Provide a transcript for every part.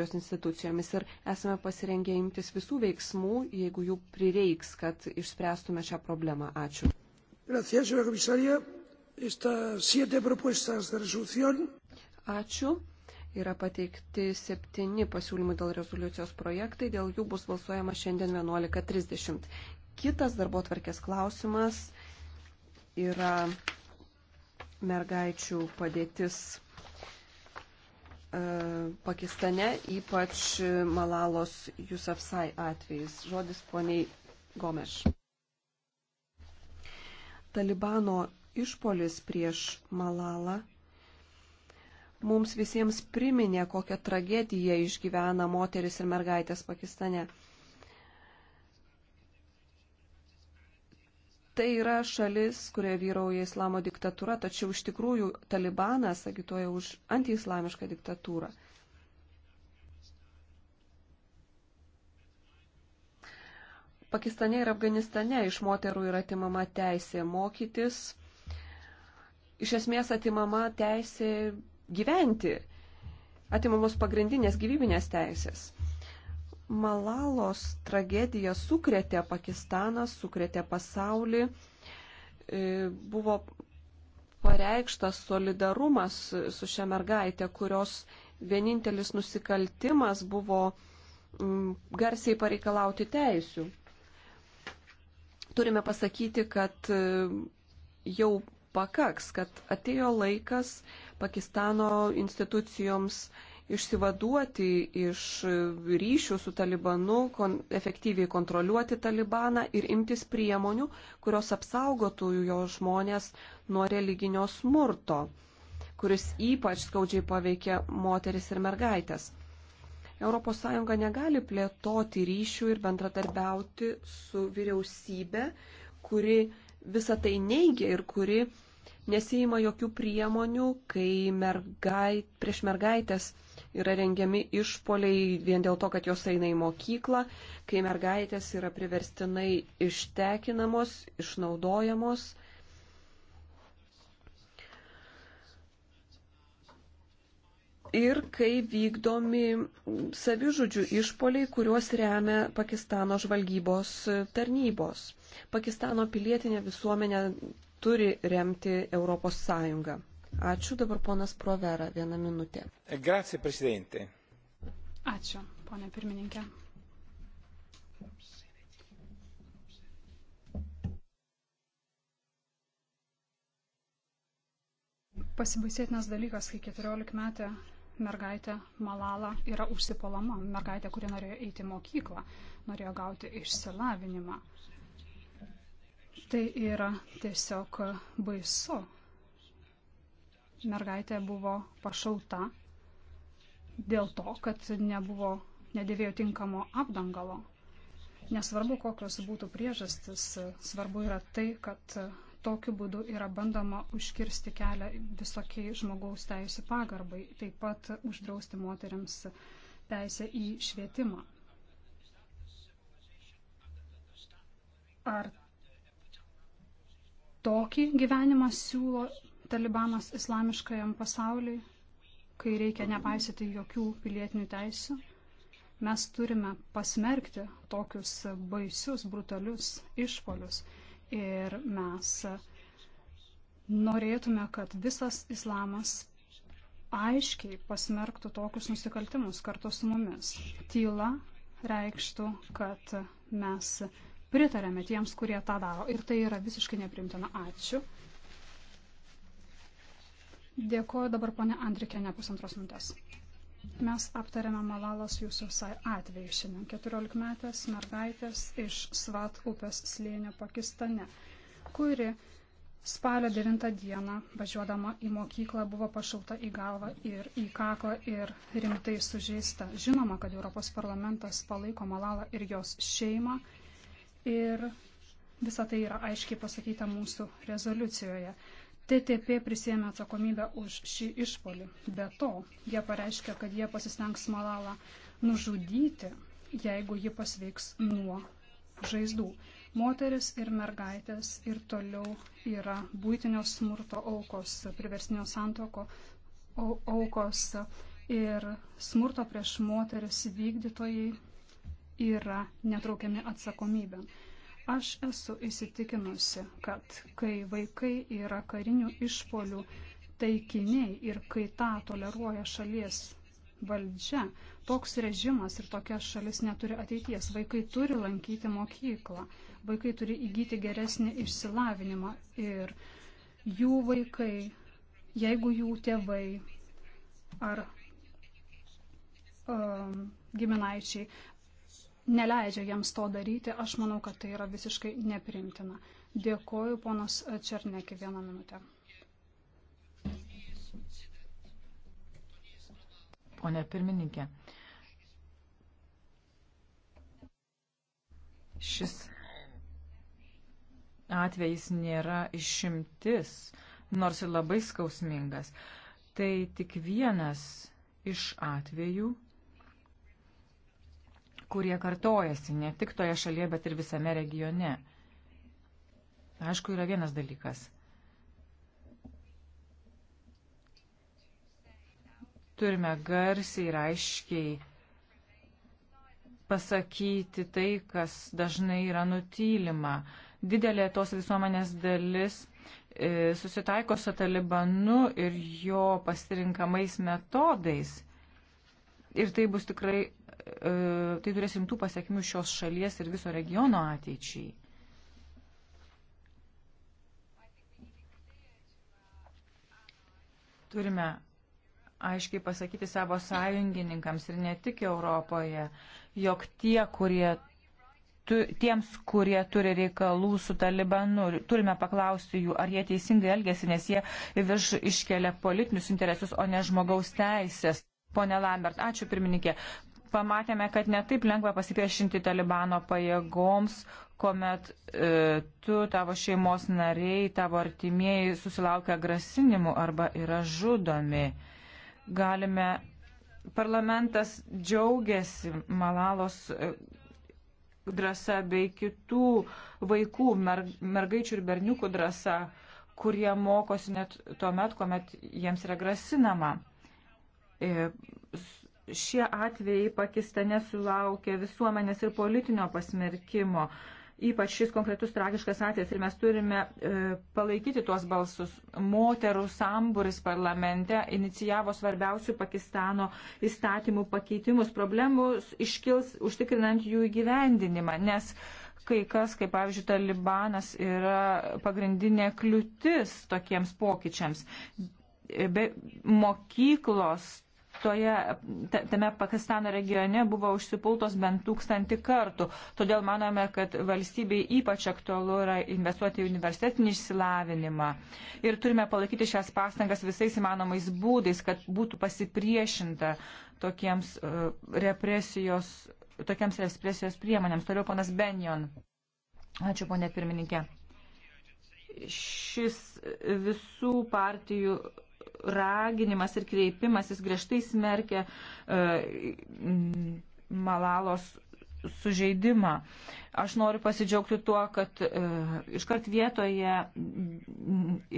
jos institucijomis ir esame pasirengę imtis visų veiksmų, jeigu jų prireiks, kad išspręstume šią problemą. Ačiū. Ačiū. Yra pateikti septyni pasiūlymai dėl rezoliucijos projektai, dėl jų bus balsuojama šiandien 11.30. Kitas darbo tvarkės klausimas yra mergaičių padėtis Pakistane, ypač Malalos Jusafsai atvejais. Žodis poniai Gomeš. Talibano išpolis prieš Malalą mums visiems priminė, kokią tragediją išgyvena moteris ir mergaitės Pakistane. Tai yra šalis, kurioje vyrauja islamo diktatūra, tačiau iš tikrųjų talibanas agituoja už antiislamišką diktatūrą. Pakistane ir Afganistane iš moterų yra atimama teisė mokytis, iš esmės atimama teisė gyventi, atimamos pagrindinės gyvybinės teisės. Malalos tragedija sukrėtė Pakistaną, sukrėtė pasaulį, e, buvo pareikštas solidarumas su šia mergaitė, kurios vienintelis nusikaltimas buvo mm, garsiai pareikalauti teisių. Turime pasakyti, kad e, jau pakaks, kad atėjo laikas Pakistano institucijoms išsivaduoti iš ryšių su Talibanu, kon, efektyviai kontroliuoti Talibaną ir imtis priemonių, kurios apsaugotų jo žmonės nuo religinio smurto, kuris ypač skaudžiai paveikia moteris ir mergaitės. ES negali plėtoti ryšių ir bendradarbiauti su vyriausybė, kuri visą tai neigia ir kuri nesijima jokių priemonių, kai mergait, prieš mergaitės yra rengiami išpoliai vien dėl to, kad jos eina į mokyklą, kai mergaitės yra priverstinai ištekinamos, išnaudojamos. Ir kai vykdomi savižudžių išpoliai, kuriuos remia Pakistano žvalgybos tarnybos. Pakistano pilietinė visuomenė turi remti Europos Sąjungą. Ačiū dabar ponas Provera, vieną minutę. Grazie, prezidentė. Ačiū, ponė pirmininkė. Pasibaisėtinas dalykas, kai 14 metė mergaitė Malala yra užsipolama. Mergaitė, kuri norėjo eiti į mokyklą, norėjo gauti išsilavinimą. Tai yra tiesiog baisu mergaitė buvo pašauta dėl to, kad nebuvo, nedėvėjo tinkamo apdangalo. Nesvarbu, kokios būtų priežastis, svarbu yra tai, kad tokiu būdu yra bandoma užkirsti kelią visokiai žmogaus teisų pagarbai, taip pat uždrausti moteriams teisę į švietimą. Ar tokį gyvenimą siūlo Talibanas islamiškajam pasauliui, kai reikia nepaisyti jokių pilietinių teisių, mes turime pasmerkti tokius baisius, brutalius išpolius. Ir mes norėtume, kad visas islamas aiškiai pasmerktų tokius nusikaltimus kartu su mumis. Tyla reikštų, kad mes pritarėme tiems, kurie tą daro. Ir tai yra visiškai neprimtina. Ačiū. Dėkuoju dabar ponė Andrikėne pusantros minutės. Mes aptarėme Malalos Jusufsai atvejį šiandien. 14 metės mergaitės iš Svat upės slėnio Pakistane, kuri spalio 9 dieną važiuodama į mokyklą buvo pašauta į galvą ir į kaklą ir rimtai sužeista. Žinoma, kad Europos parlamentas palaiko Malalą ir jos šeimą. Ir Visą tai yra aiškiai pasakyta mūsų rezoliucijoje. TTP prisėmė atsakomybę už šį išpolį. Be to, jie pareiškia, kad jie pasistengs Malalą nužudyti, jeigu ji pasveiks nuo žaizdų. Moteris ir mergaitės ir toliau yra būtinio smurto aukos, priversnio santoko aukos ir smurto prieš moteris vykdytojai yra netraukiami atsakomybėn. Aš esu įsitikinusi, kad kai vaikai yra karinių išpolių taikiniai ir kai tą toleruoja šalies valdžia, toks režimas ir tokia šalis neturi ateities. Vaikai turi lankyti mokyklą, vaikai turi įgyti geresnį išsilavinimą ir jų vaikai, jeigu jų tėvai ar um, giminaičiai neleidžia jiems to daryti, aš manau, kad tai yra visiškai neprimtina. Dėkoju, ponas Černekį, vieną minutę. Pone pirmininkė, šis atvejis nėra išimtis, nors ir labai skausmingas. Tai tik vienas iš atvejų, kurie kartojasi ne tik toje šalyje, bet ir visame regione. Aišku, yra vienas dalykas. Turime garsiai ir aiškiai pasakyti tai, kas dažnai yra nutylima. Didelė tos visuomenės dalis e, susitaiko su talibanu ir jo pasirinkamais metodais. Ir tai bus tikrai E, tai turės rimtų pasiekmių šios šalies ir viso regiono ateičiai. Turime aiškiai pasakyti savo sąjungininkams ir ne tik Europoje, jog tie, kurie tu, tiems, kurie turi reikalų su talibanu. Turime paklausti jų, ar jie teisingai elgesi, nes jie virš iškelia politinius interesus, o ne žmogaus teisės. Pone Lambert, ačiū pirmininkė pamatėme, kad netaip lengva pasipriešinti Talibano pajėgoms, kuomet e, tu, tavo šeimos nariai, tavo artimieji susilaukia grasinimų arba yra žudomi. Galime, parlamentas džiaugiasi Malalos e, drąsa bei kitų vaikų, mer, mergaičių ir berniukų drąsa, kurie mokosi net tuo met, kuomet jiems yra grasinama. E, šie atvejai Pakistane sulaukė visuomenės ir politinio pasmerkimo. Ypač šis konkretus tragiškas atvejis ir mes turime e, palaikyti tuos balsus. Moterų samburis parlamente inicijavo svarbiausių Pakistano įstatymų pakeitimus. Problemų iškils užtikrinant jų įgyvendinimą, nes kai kas, kaip pavyzdžiui, Talibanas yra pagrindinė kliūtis tokiems pokyčiams. Be mokyklos toje, tame Pakistano regione buvo užsipultos bent tūkstantį kartų. Todėl manome, kad valstybei ypač aktualu yra investuoti į universitetinį išsilavinimą. Ir turime palaikyti šias pastangas visais įmanomais būdais, kad būtų pasipriešinta tokiems e, represijos, tokiems represijos priemonėms. Toliau ponas Benjon. Ačiū, ponė pirmininkė. Šis visų partijų raginimas ir kreipimas, jis griežtai smerkia e, Malalos sužeidimą. Aš noriu pasidžiaugti tuo, kad e, iškart vietoje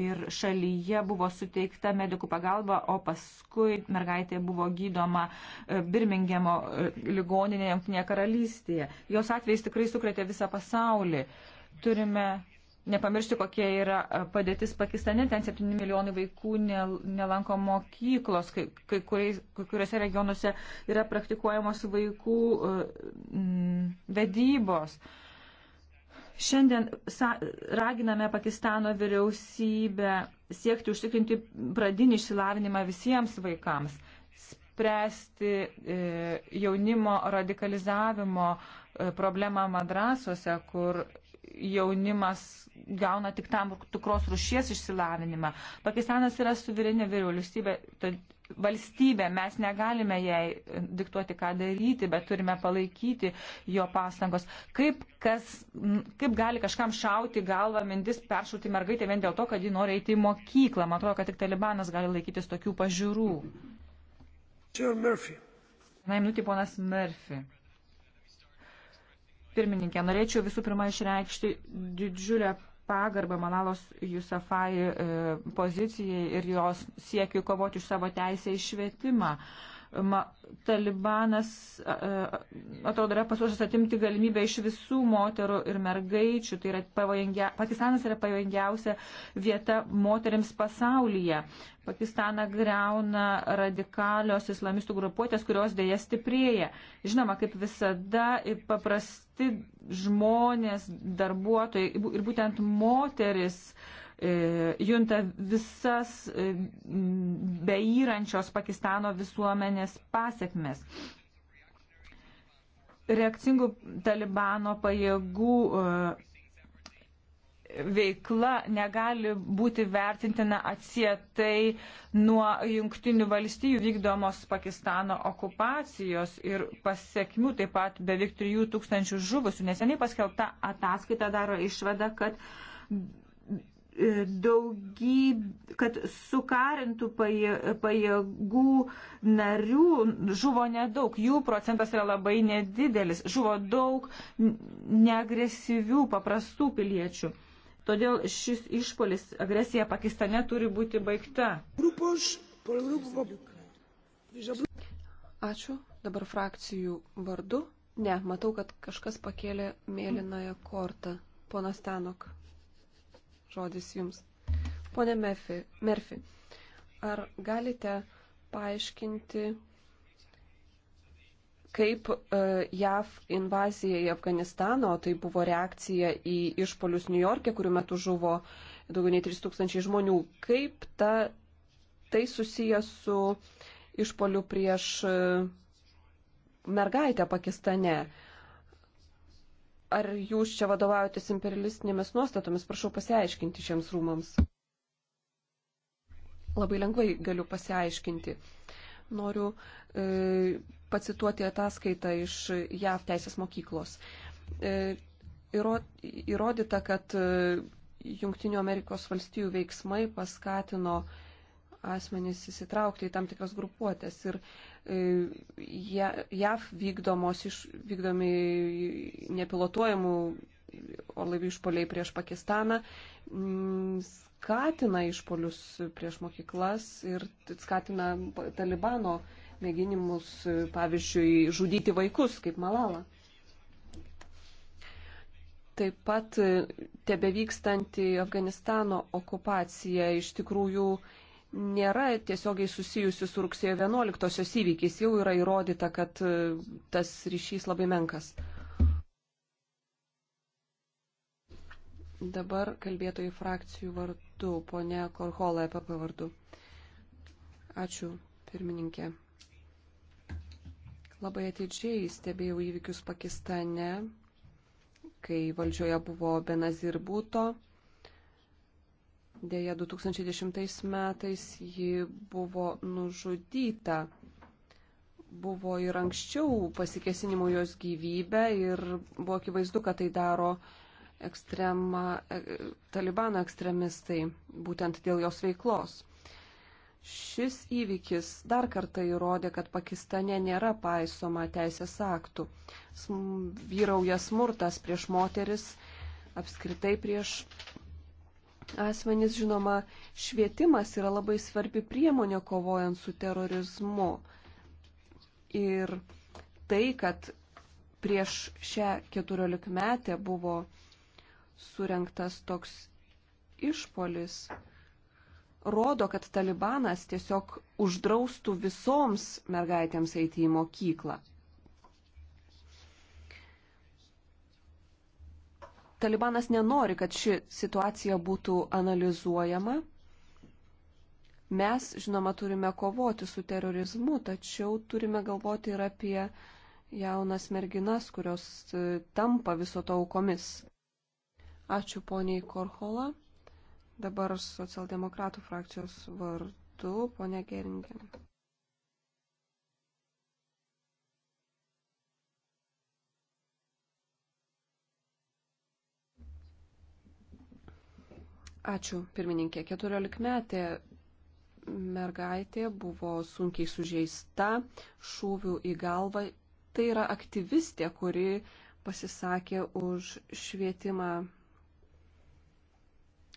ir šalyje buvo suteikta medikų pagalba, o paskui mergaitė buvo gydoma e, Birmingemo e, ligoninėje Junktinėje karalystėje. Jos atvejais tikrai sukretė visą pasaulį. Turime nepamiršti, kokia yra e, padėtis Pakistane. Ten 7 milijonai vaikų nelanko mokyklos. Kai, kai, kuriais, kai kuriuose regionuose yra praktikuojamos vaikų mm, vedybos. Šiandien sa, raginame Pakistano vyriausybę siekti užtikrinti pradinį išsilavinimą visiems vaikams, spręsti e, jaunimo radikalizavimo e, problemą madrasose, kur jaunimas gauna tik tam tikros rušies išsilavinimą. Pakistanas yra suverenė vyriausybė, valstybė, mes negalime jai diktuoti, ką daryti, bet turime palaikyti jo pastangos. Kaip, kas, kaip gali kažkam šauti galvą mintis peršauti mergaitę vien dėl to, kad ji nori eiti į mokyklą? Man atrodo, kad tik talibanas gali laikytis tokių pažiūrų. Naimnutį ponas Murphy pirmininkė, norėčiau visų pirma išreikšti didžiulę pagarbą Manalos Jusafai e, pozicijai ir jos siekiui kovoti už savo teisę į švietimą. Uh, ma, talibanas atrodo yra pasiruošęs atimti galimybę iš visų moterų ir mergaičių. Tai yra pavojingia, Pakistanas yra pavojingiausia vieta moteriams pasaulyje. Pakistaną greuna radikalios islamistų grupuotės, kurios dėja stiprėja. Žinoma, kaip visada, paprasti žmonės, darbuotojai ir būtent moteris uh, E, junta visas e, beįrančios Pakistano visuomenės pasiekmes. Reakcingų talibano pajėgų e, veikla negali būti vertintina atsietai nuo jungtinių valstybių vykdomos Pakistano okupacijos ir pasiekmių, taip pat beveik 3000 žuvusių. Neseniai paskelbta ataskaita daro išvadą, kad E, daugyb, kad sukarintų pajėgų narių žuvo nedaug, jų procentas yra labai nedidelis, žuvo daug neagresyvių, paprastų piliečių. Todėl šis išpolis, agresija Pakistane turi būti baigta. Ačiū. Dabar frakcijų vardu. Ne, matau, kad kažkas pakėlė mėlynąją kortą. Ponas Tenok žodis jums. Pone Murphy, Murphy ar galite paaiškinti, kaip e, JAV invazija į Afganistaną, o tai buvo reakcija į išpolius New York'e, kurių metu žuvo daugiau nei 3000 žmonių, kaip ta, tai susijęs su išpoliu prieš e, mergaitę Pakistane? ar jūs čia vadovaujatės imperialistinėmis nuostatomis? Prašau pasiaiškinti šiems rūmams. Labai lengvai galiu pasiaiškinti. Noriu e, pacituoti ataskaitą iš JAV teisės mokyklos. E, įrodyta, kad e, Junktinių Amerikos valstijų veiksmai paskatino asmenys įsitraukti į tam tikras grupuotės. Ir E, JAV vykdomos iš, vykdomi nepilotuojamų orlaivių išpoliai prieš Pakistaną mm, skatina išpolius prieš mokyklas ir skatina Talibano mėginimus, pavyzdžiui, žudyti vaikus kaip Malala. Taip pat tebe vykstanti Afganistano okupacija iš tikrųjų nėra tiesiogiai susijusi su rugsėjo 11-osios įvykiais. Jau yra įrodyta, kad e, tas ryšys labai menkas. Dabar kalbėtojų frakcijų vardu, ponia Korhola, EPP vardu. Ačiū, pirmininkė. Labai atidžiai stebėjau įvykius Pakistane, kai valdžioje buvo Benazir Būto Deja, 2010 metais ji buvo nužudyta. Buvo ir anksčiau pasikesinimų jos gyvybę ir buvo akivaizdu, kad tai daro ekstrema, e, talibano ekstremistai būtent dėl jos veiklos. Šis įvykis dar kartą įrodė, kad Pakistane nėra paisoma teisės aktų. Vyrauja smurtas prieš moteris, apskritai prieš asmenys, žinoma, švietimas yra labai svarbi priemonė kovojant su terorizmu. Ir tai, kad prieš šią 14 metę buvo surinktas toks išpolis, rodo, kad talibanas tiesiog uždraustų visoms mergaitėms eiti į mokyklą. Talibanas nenori, kad ši situacija būtų analizuojama. Mes, žinoma, turime kovoti su terorizmu, tačiau turime galvoti ir apie jaunas merginas, kurios e, tampa viso to aukomis. Ačiū poniai Korhola. Dabar socialdemokratų frakcijos vardu ponia Geringė. Ačiū, pirmininkė. 14 metė mergaitė buvo sunkiai sužeista šūvių į galvą. Tai yra aktyvistė, kuri pasisakė už švietimą,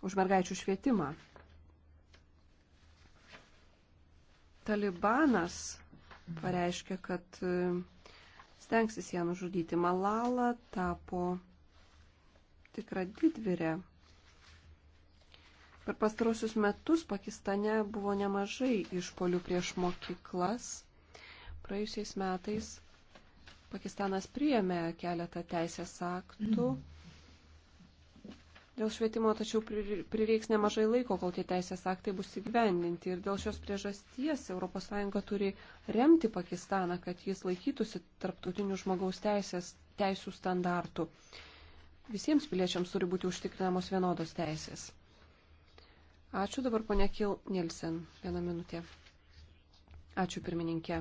už mergaičių švietimą. Talibanas pareiškė, kad e, stengsis ją nužudyti. Malala tapo tikrą didvirę Per pastarosius metus Pakistane buvo nemažai išpolių prieš mokyklas. Praėjusiais metais Pakistanas priėmė keletą teisės aktų dėl švietimo, tačiau prireiks nemažai laiko, kol tie teisės aktai bus įgyvendinti. Ir dėl šios priežasties ES turi remti Pakistaną, kad jis laikytųsi tarptautinių žmogaus teisės, teisų standartų. Visiems piliečiams turi būti užtikrinamos vienodos teisės. Ačiū dabar ponia Kil Nielsen. Vieną minutę. Ačiū pirmininkė.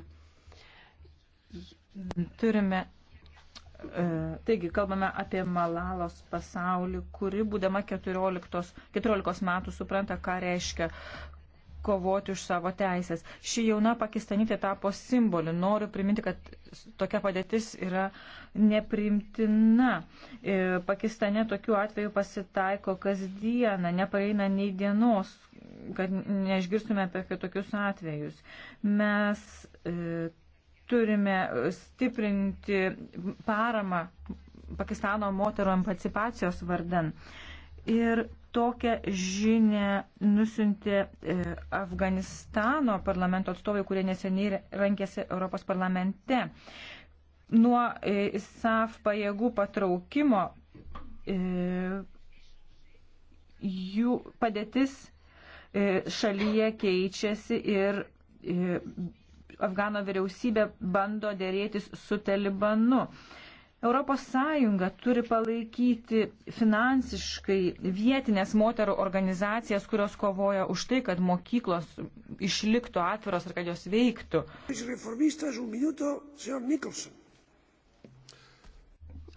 Turime e, Taigi, kalbame apie Malalos pasaulį, kuri, būdama 14, 14 metų, supranta, ką reiškia kovoti už savo teisės. Ši jauna pakistanytė tapo simboliu. Noriu priminti, kad tokia padėtis yra neprimtina. E, Pakistane tokių atvejų pasitaiko kasdieną, nepareina nei dienos, kad neišgirstume apie tokius atvejus. Mes e, turime stiprinti paramą Pakistano moterų emancipacijos vardan. E, Ir tokią žinę nusintė e, Afganistano parlamento atstovai, kurie neseniai rankėsi Europos parlamente. Nuo e, ISAF pajėgų patraukimo e, jų padėtis šalyje keičiasi ir Afgano vyriausybė bando dėrėtis su Talibanu. ES turi palaikyti finansiškai vietinės moterų organizacijas, kurios kovoja už tai, kad mokyklos išliktų atviros ir kad jos veiktų.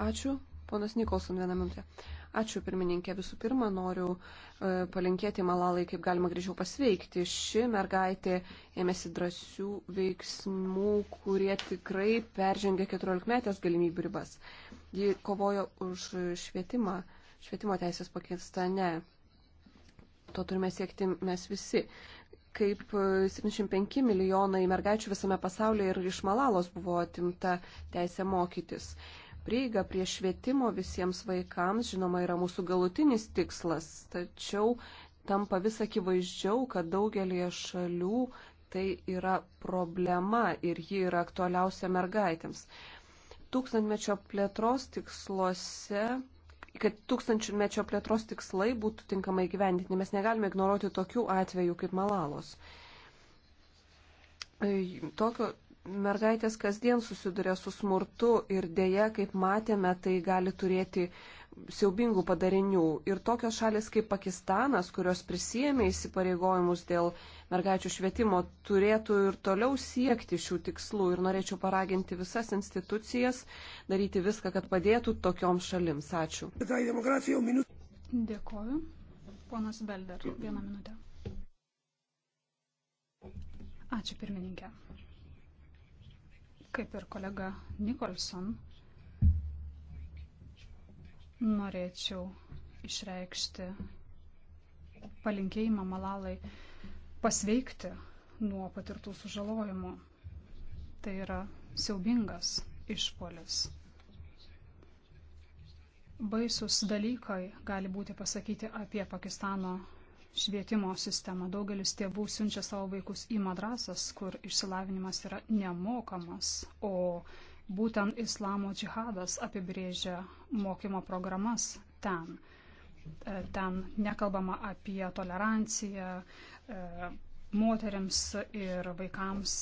Ačiū. Ponas Nikolson, vieną minutę. Ačiū pirmininkė. Visų pirma, noriu e, palinkėti Malalai, kaip galima grįžiau pasveikti. Ši mergaitė ėmėsi drąsių veiksmų, kurie tikrai peržengė 14-metės galimybių ribas. Ji kovojo už švietimą, švietimo teisės Pakistane. To turime siekti mes visi kaip 75 e, milijonai mergaičių visame pasaulyje ir iš Malalos buvo atimta teisė mokytis prieiga prie švietimo visiems vaikams, žinoma, yra mūsų galutinis tikslas, tačiau tampa vis akivaizdžiau, kad daugelie šalių tai yra problema ir ji yra aktualiausia mergaitėms. Tūkstantmečio plėtros tiksluose kad tūkstantmečio plėtros tikslai būtų tinkamai gyvendinti. Mes negalime ignoruoti tokių atvejų kaip Malalos. Tokio, mergaitės kasdien susiduria su smurtu ir dėja, kaip matėme, tai gali turėti siaubingų padarinių. Ir tokios šalis kaip Pakistanas, kurios prisėmė įsipareigojimus dėl mergaičių švietimo, turėtų ir toliau siekti šių tikslų. Ir norėčiau paraginti visas institucijas daryti viską, kad padėtų tokioms šalims. Ačiū. Dėkoju. Ponas Belder, vieną minutę. Ačiū pirmininkė. Kaip ir kolega Nikolson, norėčiau išreikšti palinkėjimą Malalai pasveikti nuo patirtų sužalojimų. Tai yra siaubingas išpolis. Baisus dalykai gali būti pasakyti apie Pakistano švietimo sistemą. Daugelis tėvų siunčia savo vaikus į madrasas, kur išsilavinimas yra nemokamas, o būtent islamo džihadas apibrėžia mokymo programas ten. E, ten nekalbama apie toleranciją, e, moteriams ir vaikams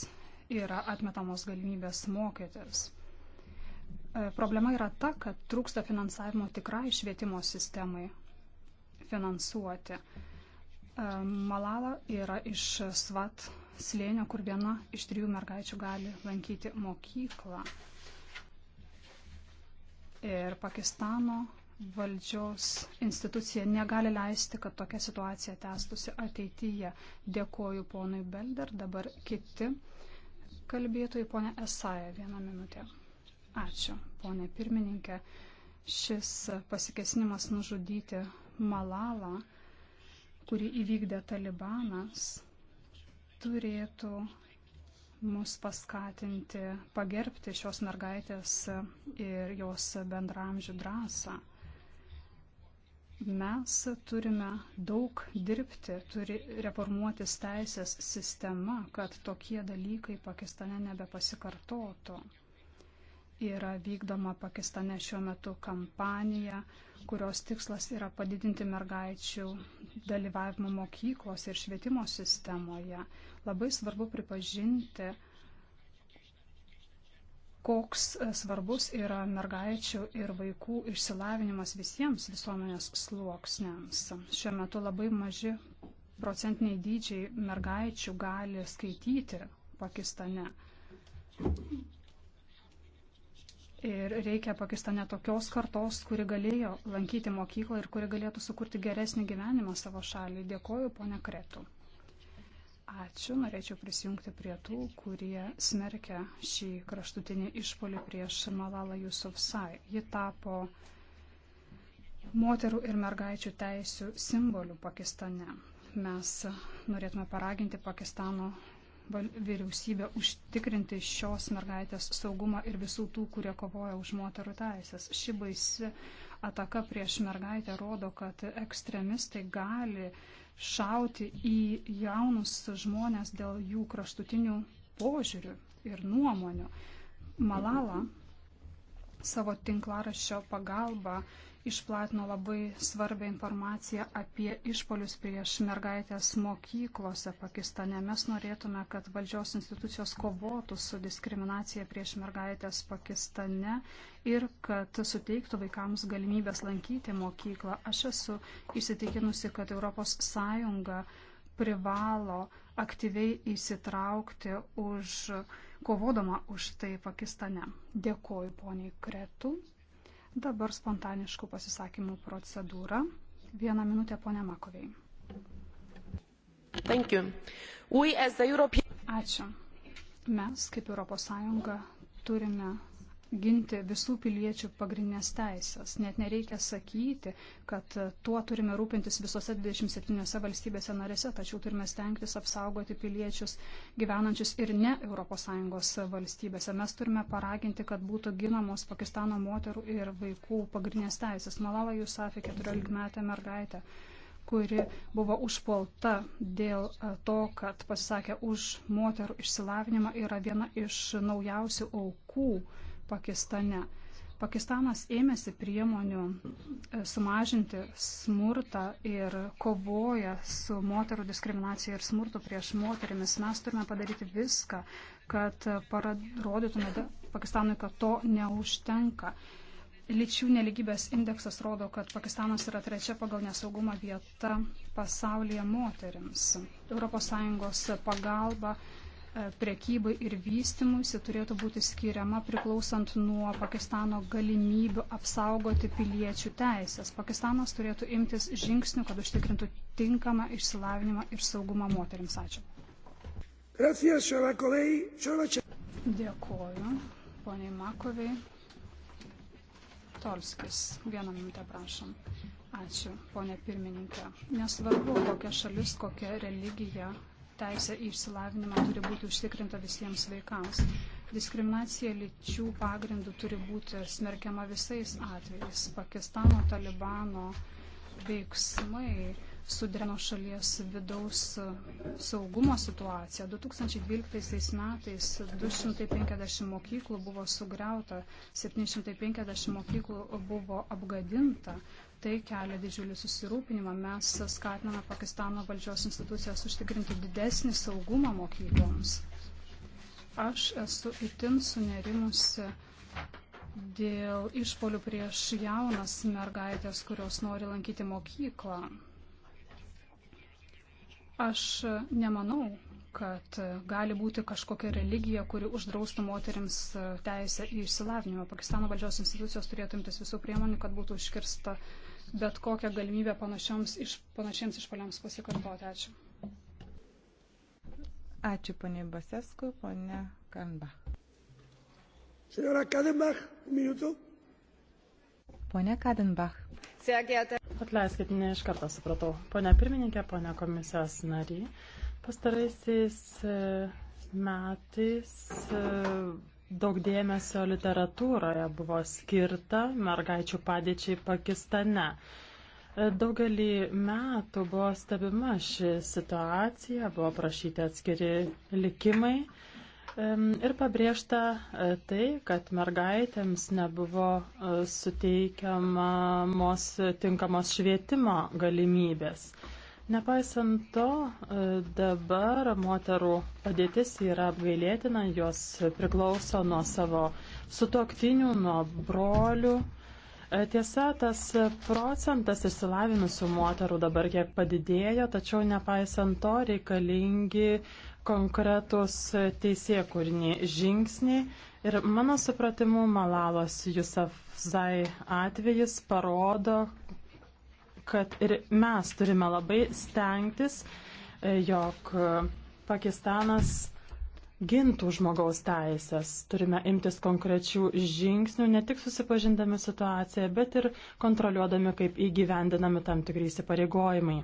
yra atmetamos galimybės mokytis. E, problema yra ta, kad trūksta finansavimo tikrai švietimo sistemai finansuoti. E, Malala yra iš Svat slėnio, kur viena iš trijų mergaičių gali lankyti mokyklą. Ir Pakistano valdžios institucija negali leisti, kad tokia situacija tęstusi ateityje. Dėkoju ponui Belder, dabar kiti kalbėtojai, ponė Esaja, vieną minutę. Ačiū, ponė pirmininkė. Šis pasikesnimas nužudyti Malalą kurį įvykdė talibanas, turėtų mus paskatinti pagerbti šios mergaitės ir jos bendramžių drąsą. Mes turime daug dirbti, turi reformuotis teisės sistema, kad tokie dalykai Pakistane nebepasikartotų. Yra vykdoma Pakistane šiuo metu kampanija, kurios tikslas yra padidinti mergaičių dalyvavimą mokyklos ir švietimo sistemoje. Labai svarbu pripažinti, koks svarbus yra mergaičių ir vaikų išsilavinimas visiems visuomenės sluoksniams. Šiuo metu labai maži procentiniai dydžiai mergaičių gali skaityti Pakistane. Ir reikia Pakistane tokios kartos, kuri galėjo lankyti mokyklą ir kuri galėtų sukurti geresnį gyvenimą savo šaliai. Dėkoju, ponia Kretu. Ačiū, norėčiau prisijungti prie tų, kurie smerkia šį kraštutinį išpolį prieš Malalą Jusufsai. Ji tapo moterų ir mergaičių teisių simboliu Pakistane. Mes norėtume paraginti Pakistano vyriausybę užtikrinti šios mergaitės saugumą ir visų tų, kurie kovoja už moterų teisės. Ši baisi ataka prieš mergaitę rodo, kad ekstremistai gali šauti į jaunus žmonės dėl jų kraštutinių požiūrių ir nuomonių. Malala savo tinklaraščio pagalba išplatino labai svarbę informaciją apie išpolius prieš mergaitės mokyklose Pakistane. Mes norėtume, kad valdžios institucijos kovotų su diskriminacija prieš mergaitės Pakistane ir kad suteiktų vaikams galimybės lankyti mokyklą. Aš esu įsitikinusi, kad ES privalo aktyviai įsitraukti už kovodama už tai Pakistane. Dėkoju poniai Kretų. Dabar spontaniškų pasisakymų procedūra. Vieną minutę, ponia Makoviai. Ačiū. Mes, kaip ES, turime ginti visų piliečių pagrindinės teisės. Net nereikia sakyti, kad tuo turime rūpintis visose 27 valstybėse narėse, tačiau turime stengtis apsaugoti piliečius gyvenančius ir ne ES valstybėse. Mes turime paraginti, kad būtų ginamos Pakistano moterų ir vaikų pagrindinės teisės. Malala Jusafė, 14-metė mergaitė kuri buvo užpulta dėl e, to, kad pasisakė už moterų išsilavinimą, yra viena iš naujausių aukų. Pakistane. Pakistanas ėmėsi priemonių e, sumažinti smurtą ir kovoja su moterų diskriminacija ir smurtu prieš moterimis. Mes turime padaryti viską, kad parodytume Pakistanui, kad to neužtenka. Lyčių neligybės indeksas rodo, kad Pakistanas yra trečia pagal nesaugumą vieta pasaulyje moterims. ES pagalba E, prekybai ir vystimuisi turėtų būti skiriama priklausant nuo Pakistano galimybių apsaugoti piliečių teisės. Pakistanas turėtų imtis žingsnių, kad užtikrintų tinkamą išsilavinimą ir saugumą moteriams. Ačiū. Dėkuoju, poniai Makoviai. Tolskis, vieną minutę prašom. Ačiū, ponė pirmininkė. Nesvarbu, kokia šalis, kokia religija teisė į išsilavinimą turi būti užtikrinta visiems vaikams. Diskriminacija lyčių pagrindų turi būti smerkiama visais atvejais. Pakistano talibano veiksmai sudreno šalies vidaus saugumo situaciją. 2012 metais 250 mokyklų buvo sugriauta, 750 mokyklų buvo apgadinta, Tai kelia didžiulį susirūpinimą. Mes skatiname Pakistano valdžios institucijas užtikrinti didesnį saugumą mokykloms. Aš esu itin sunerimusi dėl išpolių prieš jaunas mergaitės, kurios nori lankyti mokyklą. Aš nemanau, kad gali būti kažkokia religija, kuri uždraustų moteriams e, teisę į išsilavinimą. Pakistano valdžios institucijos turėtų imtis visų priemonių, kad būtų užkirsta bet kokią galimybę panašiems, iš, panašiems išpaliams pasikartoti. Ačiū. Ačiū, ponė Basesku, ponė Kanba. Senora Kadenbach, minuto. Pone Kadenbach. Atleiskit, ne iš karto supratau. Pone pirmininkė, pone komisijos nariai. Pastaraisiais e, metais e, daug dėmesio literatūroje buvo skirta mergaičių padėčiai Pakistane. E, daugelį metų buvo stebima ši situacija, buvo prašyti atskiri likimai ir pabrėžta tai, kad mergaitėms nebuvo suteikiamos tinkamos švietimo galimybės. Nepaisant to, e, dabar moterų padėtis yra apgailėtina, jos priklauso nuo savo sutoktinių, nuo brolių. E, tiesa, tas procentas išsilavinusių moterų dabar kiek padidėjo, tačiau nepaisant to reikalingi konkretus teisėkūriniai žingsniai. Ir mano supratimu, Malalos Jusafzai atvejis parodo, kad ir mes turime labai stengtis, e, jog e, Pakistanas gintų žmogaus teisės. Turime imtis konkrečių žingsnių, ne tik susipažindami situaciją, bet ir kontroliuodami, kaip įgyvendinami tam tikrai įsipareigojimai.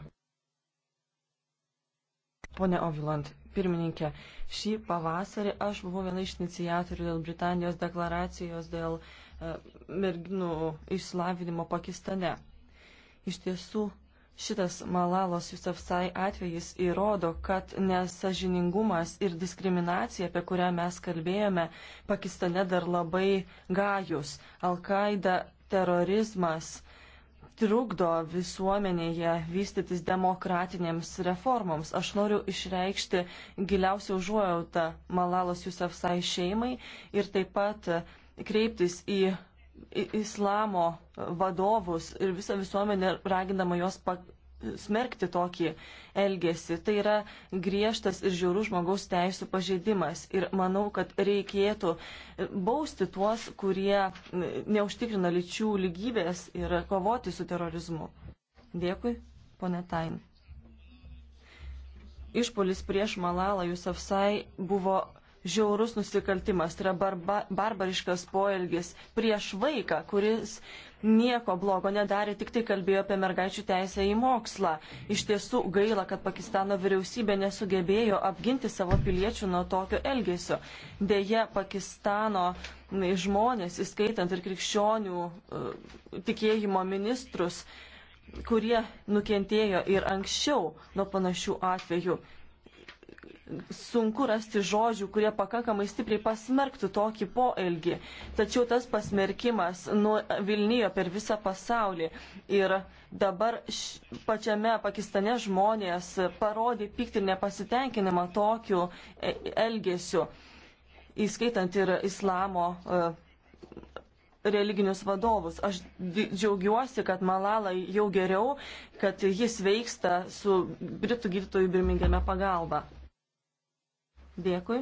Pone Oviland, pirmininkė, šį pavasarį aš buvau viena iš inicijatorių dėl Britanijos deklaracijos dėl e, merginų išslavinimo Pakistane. Iš tiesų, šitas Malalos Jusafsai atvejis įrodo, kad nesažiningumas ir diskriminacija, apie kurią mes kalbėjome, Pakistane dar labai gajus. Al-Qaida terorizmas trukdo visuomenėje vystytis demokratinėms reformoms. Aš noriu išreikšti giliausią užuojautą Malalos Jusafsai šeimai ir taip pat kreiptis į islamo vadovus ir visą visuomenę ragindama juos smerkti tokį elgesį. Tai yra griežtas ir žiaurų žmogaus teisų pažeidimas. Ir manau, kad reikėtų bausti tuos, kurie neužtikrina lyčių lygybės ir kovoti su terorizmu. Dėkui, ponė Tain. Išpolis prieš Malalą Jusafsai buvo žiaurus nusikaltimas, tai yra barba, barbariškas poelgis prieš vaiką, kuris nieko blogo nedarė, tik tai kalbėjo apie mergaičių teisę į mokslą. Iš tiesų gaila, kad Pakistano vyriausybė nesugebėjo apginti savo piliečių nuo tokio elgesio. Deja, Pakistano žmonės, įskaitant ir krikščionių e, tikėjimo ministrus, kurie nukentėjo ir anksčiau nuo panašių atvejų, sunku rasti žodžių, kurie pakankamai stipriai pasmerktų tokį poelgį. Tačiau tas pasmerkimas nu, Vilnijo per visą pasaulį. Ir dabar š, pačiame Pakistane žmonės parodė pikti nepasitenkinimą tokiu e, elgesiu, įskaitant ir islamo e, religinius vadovus. Aš džiaugiuosi, kad Malala jau geriau, kad jis veiksta su Britų gydytojų Birmingame pagalba. Dėkui.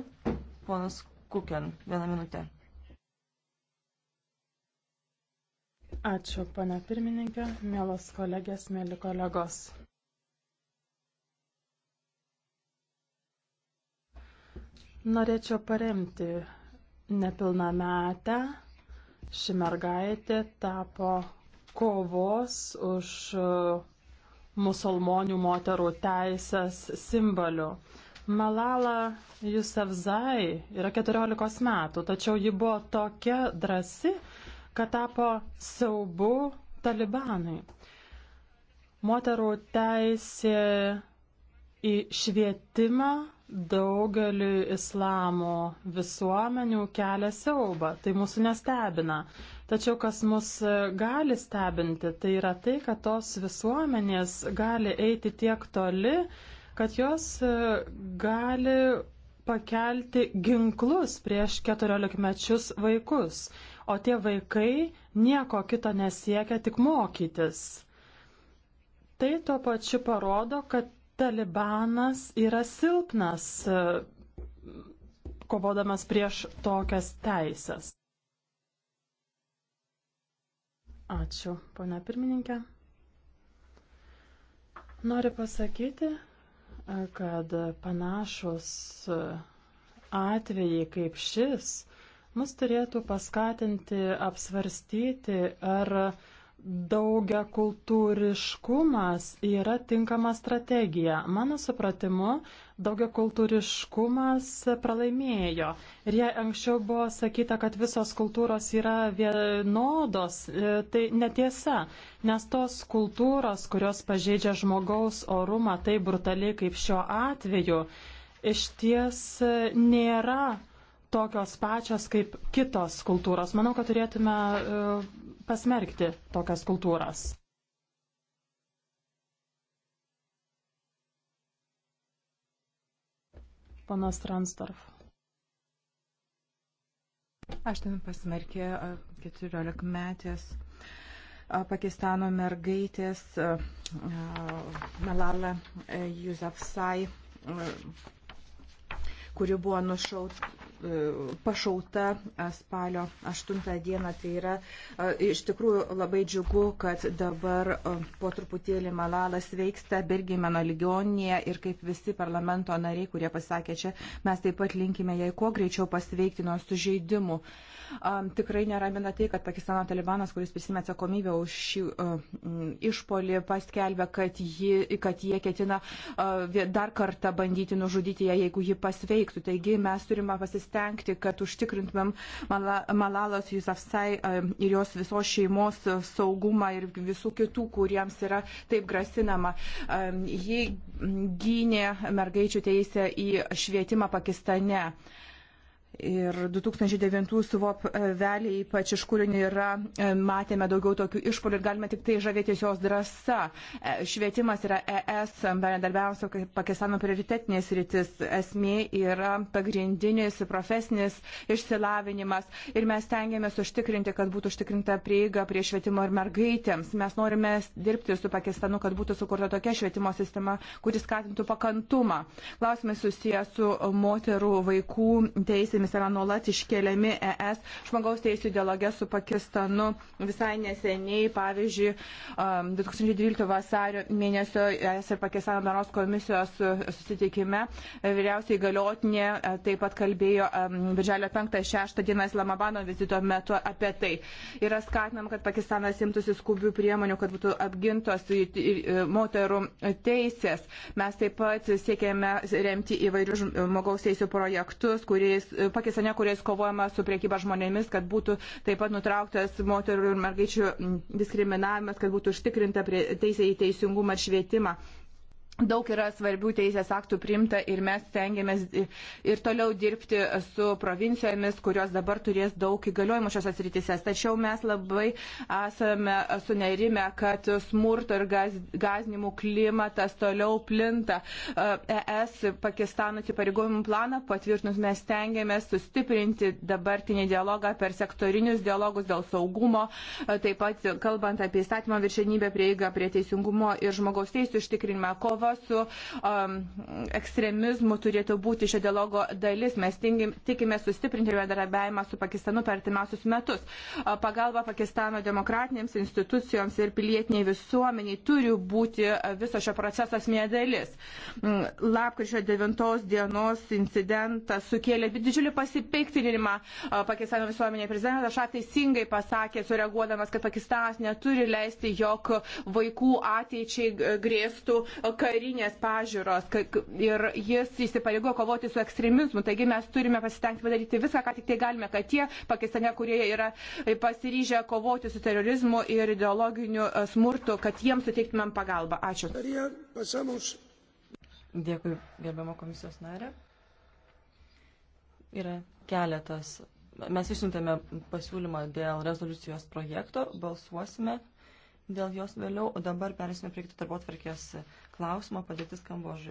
Ponas Kuken, vieną minutę. Ačiū, pane pirmininkė, mielos kolegės, mėly kolegos. Norėčiau paremti nepilnametę. Ši mergaitė tapo kovos už musulmonių moterų teisės simboliu. Malala Jusafzai yra 14 metų, tačiau ji buvo tokia drasi, kad tapo siaubu talibanai. Moterų teisė į švietimą daugeliu islamo visuomenių kelia siaubą, tai mūsų nestebina. Tačiau kas mus gali stebinti, tai yra tai, kad tos visuomenės gali eiti tiek toli, kad jos e, gali pakelti ginklus prieš 14-mečius vaikus, o tie vaikai nieko kito nesiekia, tik mokytis. Tai tuo pačiu parodo, kad Talibanas yra silpnas e, kovodamas prieš tokias teisės. Ačiū, ponia pirmininkė. Noriu pasakyti, kad panašus atvejai kaip šis mus turėtų paskatinti apsvarstyti, ar daugia kultūriškumas yra tinkama strategija. Mano supratimu, daugia kultūriškumas pralaimėjo. Ir jei anksčiau buvo sakyta, kad visos kultūros yra vienodos, e, tai netiesa, nes tos kultūros, kurios pažeidžia žmogaus orumą taip brutaliai kaip šiuo atveju, iš ties e, nėra tokios pačios kaip kitos kultūros. Manau, kad turėtume e, pasmerkti tokias kultūras. Panas Transdorf. Aš ten pasmerkė 14 metės Pakistano mergaitės Malala e, Yousafzai, kuri buvo nušauta pašauta spalio 8 dieną. Tai yra iš tikrųjų labai džiugu, kad dabar po truputėlį Malalas veiksta Birgimeno ligoninėje ir kaip visi parlamento nariai, kurie pasakė čia, mes taip pat linkime jai kuo greičiau pasveikti nuo sužeidimų. Tikrai neramina tai, kad Pakistano talibanas, kuris prisimė atsakomybę už šį išpolį, paskelbė, kad, ji, kad jie ketina dar kartą bandyti nužudyti ją, jeigu ji pasveiktų. Taigi mes turime pasistengti pasistengti, kad užtikrintumėm Malalos Jusafsai e, ir jos visos šeimos saugumą ir visų kitų, kuriems yra taip grasinama. E, ji gynė mergaičių teisę į švietimą Pakistane. Ir 2009 suvop velį, ypač iš kurių nėra, e, matėme daugiau tokių išpolių ir galime tik tai žavėtis jos drąsa. E, švietimas yra ES, bendradarbiausio Pakistano prioritetinės rytis. Esmė yra pagrindinis profesinis išsilavinimas. Ir mes tengiamės užtikrinti, kad būtų užtikrinta prieiga prie švietimo ir mergaitėms. Mes norime dirbti su Pakistanu, kad būtų sukurta tokia švietimo sistema, kuris skatintų pakantumą. Klausimai susiję su moterų, vaikų teisėmis klausimais yra nuolat iškeliami ES žmogaus teisų dialogė su Pakistanu. Visai neseniai, pavyzdžiui, 2012 um, vasario mėnesio ES ir Pakistano daros komisijos uh, susitikime vyriausiai galiotinė uh, taip pat kalbėjo um, birželio 5-6 dieną Islamabano vizito metu apie tai. Yra skatinam, kad Pakistanas imtųsi skubių priemonių, kad būtų apgintos moterų teisės. Mes taip pat siekėme remti įvairius žmogaus teisų projektus, kuriais Pakistane, kuriais kovojama su priekyba žmonėmis, kad būtų taip pat nutrauktas moterų ir mergaičių diskriminavimas, kad būtų užtikrinta teisė į teisingumą ir švietimą. Daug yra svarbių teisės aktų priimta ir mes stengiamės ir toliau dirbti su provincijomis, kurios dabar turės daug įgaliojimų šios sritise. Tačiau mes labai esame sunerime, kad smurto ir gaz, gazinimų klimatas toliau plinta. ES e Pakistano atsipareigojimų planą patvirtinus mes stengiamės sustiprinti dabartinį dialogą per sektorinius dialogus dėl saugumo, e, taip pat kalbant apie įstatymo viršenybę prieigą prie teisingumo ir žmogaus teisų užtikrinimą. Kova kovos su um, ekstremizmu turėtų būti šio dialogo dalis. Mes tikime sustiprinti bendradarbiavimą su Pakistanu per artimiausius metus. Pagalba Pakistano demokratinėms institucijoms ir pilietiniai visuomeniai turi būti viso šio proceso esmė dalis. Mm, lapkričio 9 dienos incidentas sukėlė didžiulį pasipiktinimą Pakistano visuomenėje. Prezidentas Šah teisingai pasakė, sureaguodamas, kad Pakistanas neturi leisti, jog vaikų ateičiai grėstų, kad karinės pažiūros ir jis įsipareigojo kovoti su ekstremizmu. Taigi mes turime pasitengti padaryti viską, ką tik tai galime, kad tie Pakistane, kurie yra pasiryžę kovoti su terorizmu ir ideologiniu e, smurtu, kad jiems suteiktumėm pagalbą. Ačiū. Dėkui, gerbiamo komisijos narė. Yra keletas. Mes išsiuntėme pasiūlymą dėl rezoliucijos projekto, balsuosime dėl jos vėliau, o dabar perėsime prie kito darbo tvarkės klausimo padėtis Kambožoje.